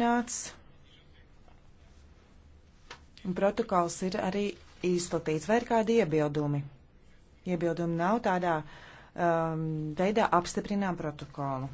Nāc. Un protokols ir arī izplatīts. Vai ir kādi iebildumi? Iebildumi nav tādā um, veidā apstiprinām protokolu.